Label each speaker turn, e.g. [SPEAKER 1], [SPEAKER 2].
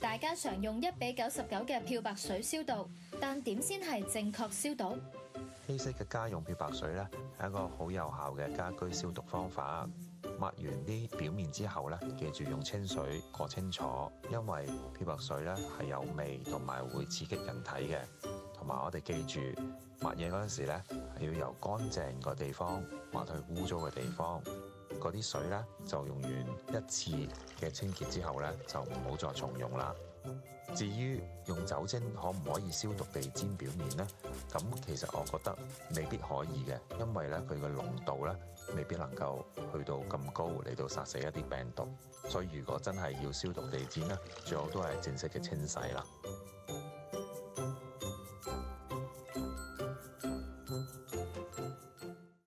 [SPEAKER 1] 大家常用一比九十九嘅漂白水消毒，但點先係正確消毒？
[SPEAKER 2] 稀釋嘅家用漂白水呢，係一個好有效嘅家居消毒方法。抹完啲表面之後呢，記住用清水過清楚，因為漂白水呢係有味同埋會刺激人體嘅。同埋我哋記住抹嘢嗰陣時咧，係要由乾淨個地方抹去污糟嘅地方。嗰啲水咧就用完一次嘅清潔之後咧，就唔好再重用啦。至於用酒精可唔可以消毒地氈表面呢？咁其實我覺得未必可以嘅，因為咧佢嘅濃度咧未必能夠去到咁高嚟到殺死一啲病毒。所以如果真係要消毒地氈咧，最好都係正式嘅清洗啦。